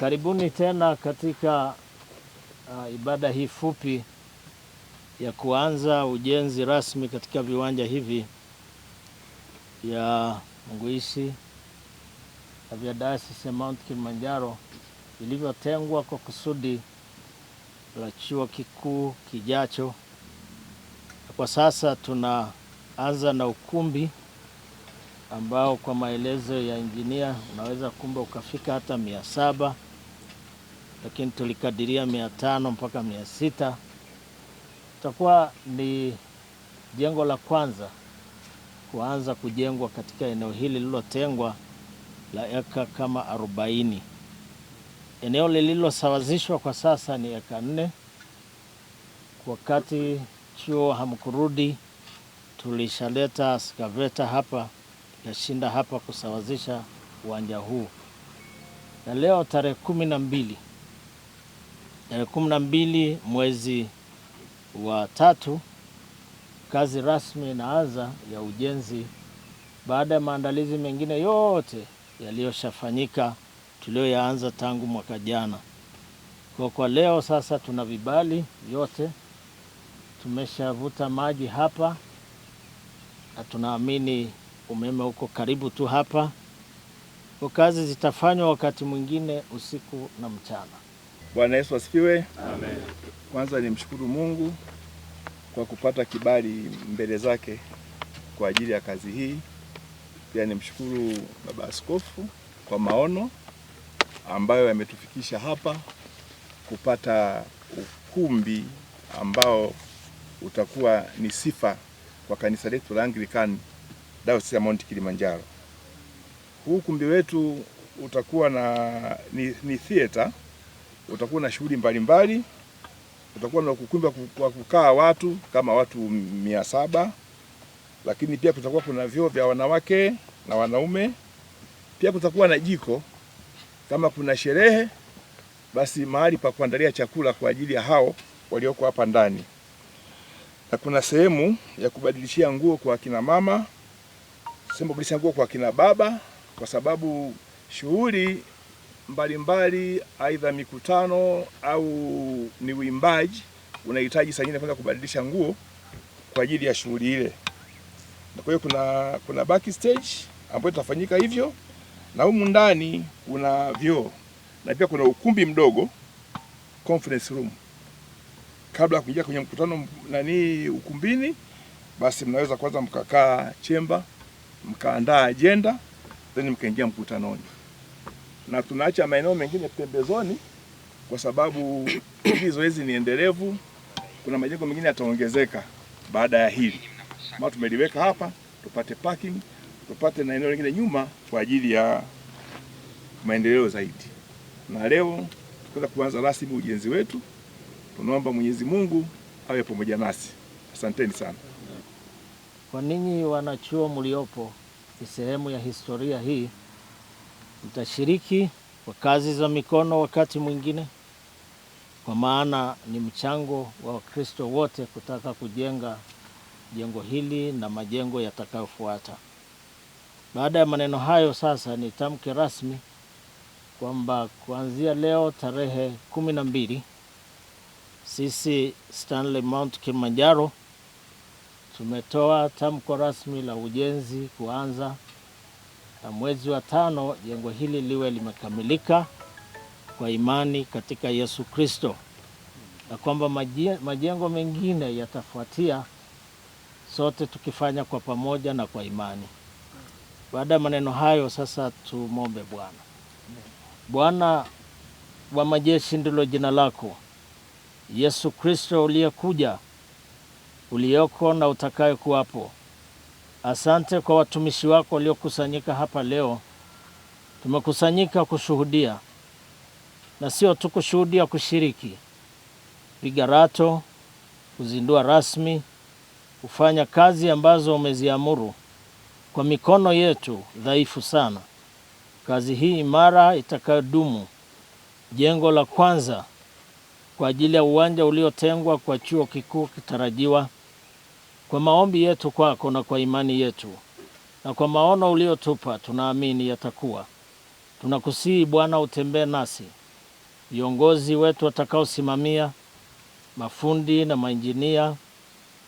Karibuni tena katika uh, ibada hii fupi ya kuanza ujenzi rasmi katika viwanja hivi ya Mnguishi na vya Dayosisi ya Mount Kilimanjaro vilivyotengwa kwa kusudi la chuo kikuu kijacho. Kwa sasa tunaanza na ukumbi ambao kwa maelezo ya injinia unaweza kumbe ukafika hata mia saba lakini tulikadiria mia tano mpaka mia sita Itakuwa ni jengo la kwanza kuanza kujengwa katika eneo hili lililotengwa la eka kama arobaini Eneo lililosawazishwa kwa sasa ni eka nne. Wakati chuo hamkurudi, tulishaleta skaveta hapa yashinda hapa kusawazisha uwanja huu, na leo tarehe kumi na mbili tarehe kumi na mbili mwezi wa tatu kazi rasmi inaanza ya ujenzi baada ya maandalizi mengine yote yaliyoshafanyika tuliyoyaanza tangu mwaka jana. Kwa kwa leo sasa tuna vibali vyote, tumeshavuta maji hapa na tunaamini umeme uko karibu tu hapa. Kwa kazi zitafanywa wakati mwingine usiku na mchana. Bwana Yesu asifiwe. Amen. Kwanza nimshukuru Mungu kwa kupata kibali mbele zake kwa ajili ya kazi hii. Pia nimshukuru Baba Askofu kwa maono ambayo yametufikisha hapa kupata ukumbi ambao utakuwa ni sifa kwa kanisa letu la anglican Dayosisi ya Mount Kilimanjaro. Huu ukumbi wetu utakuwa na ni, ni theater utakuwa na shughuli mbalimbali, utakuwa na kukumbi kwa kukaa watu kama watu mia saba, lakini pia kutakuwa kuna vyoo vya wanawake na wanaume. Pia kutakuwa na jiko kama kuna sherehe basi mahali pa kuandalia chakula kwa ajili ya hao walioko hapa ndani, na kuna sehemu ya kubadilishia nguo kwa kina mama, sehemu ya kubadilishia nguo kwa akina baba, kwa sababu shughuli mbalimbali, aidha mikutano au ni uimbaji, unahitaji saa nyingine kwanza kubadilisha nguo kwa ajili ya shughuli ile. Kwa hiyo kuna, kuna backstage ambayo tutafanyika hivyo, na humu ndani kuna vyoo na pia kuna ukumbi mdogo conference room. Kabla ya kuingia kwenye mkutano nani ukumbini, basi mnaweza kwanza mkakaa chemba mkaandaa ajenda then mkaingia mkutanoni na tunaacha maeneo mengine pembezoni, kwa sababu hili zoezi ni endelevu. Kuna majengo mengine yataongezeka baada ya hili, maana tumeliweka hapa tupate parking, tupate na eneo lingine nyuma kwa ajili ya maendeleo zaidi. Na leo tukwenda kuanza rasmi ujenzi wetu. Tunaomba Mwenyezi Mungu awe pamoja nasi. Asanteni sana. Kwa ninyi wanachuo mliopo, ni sehemu ya historia hii Nitashiriki kwa kazi za mikono wakati mwingine, kwa maana ni mchango wa Wakristo wote kutaka kujenga jengo hili na majengo yatakayofuata. Baada ya maneno hayo, sasa nitamke rasmi kwamba kuanzia leo tarehe kumi na mbili sisi Stanley Mount Kilimanjaro tumetoa tamko rasmi la ujenzi kuanza na mwezi wa tano jengo hili liwe limekamilika kwa imani katika Yesu Kristo, na kwamba majengo mengine yatafuatia, sote tukifanya kwa pamoja na kwa imani. Baada ya maneno hayo, sasa tumombe Bwana. Bwana wa majeshi ndilo jina lako. Yesu Kristo uliyekuja, ulioko na utakayekuwapo kuwapo Asante kwa watumishi wako waliokusanyika hapa leo. Tumekusanyika kushuhudia na sio tu kushuhudia, kushiriki piga kuzindua rasmi, kufanya kazi ambazo umeziamuru kwa mikono yetu dhaifu sana. Kazi hii imara itakayodumu, jengo la kwanza kwa ajili ya uwanja uliotengwa kwa chuo kikuu kitarajiwa kwa maombi yetu kwako na kwa imani yetu na kwa maono uliotupa, tunaamini yatakuwa. Tunakusihi Bwana, utembee nasi, viongozi wetu watakaosimamia, mafundi na mainjinia,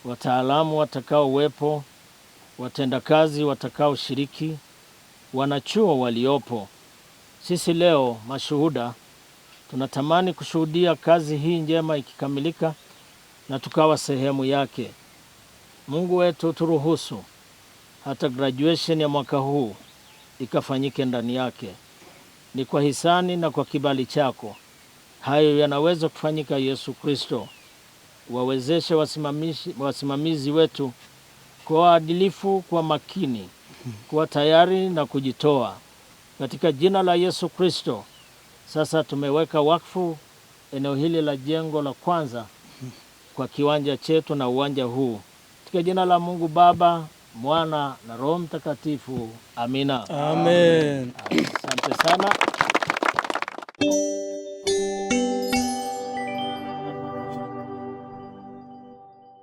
wataalamu watakaowepo, watendakazi watakaoshiriki, wanachuo waliopo. Sisi leo mashuhuda tunatamani kushuhudia kazi hii njema ikikamilika na tukawa sehemu yake. Mungu wetu turuhusu hata graduation ya mwaka huu ikafanyike ndani yake. Ni kwa hisani na kwa kibali chako hayo yanaweza kufanyika. Yesu Kristo, wawezeshe wasimamizi, wasimamizi wetu kwa waadilifu, kwa makini, kuwa tayari na kujitoa katika jina la Yesu Kristo. Sasa tumeweka wakfu eneo hili la jengo la kwanza kwa kiwanja chetu na uwanja huu katika jina la Mungu Baba, Mwana na Roho Mtakatifu. Amina. Amen. Asante sana.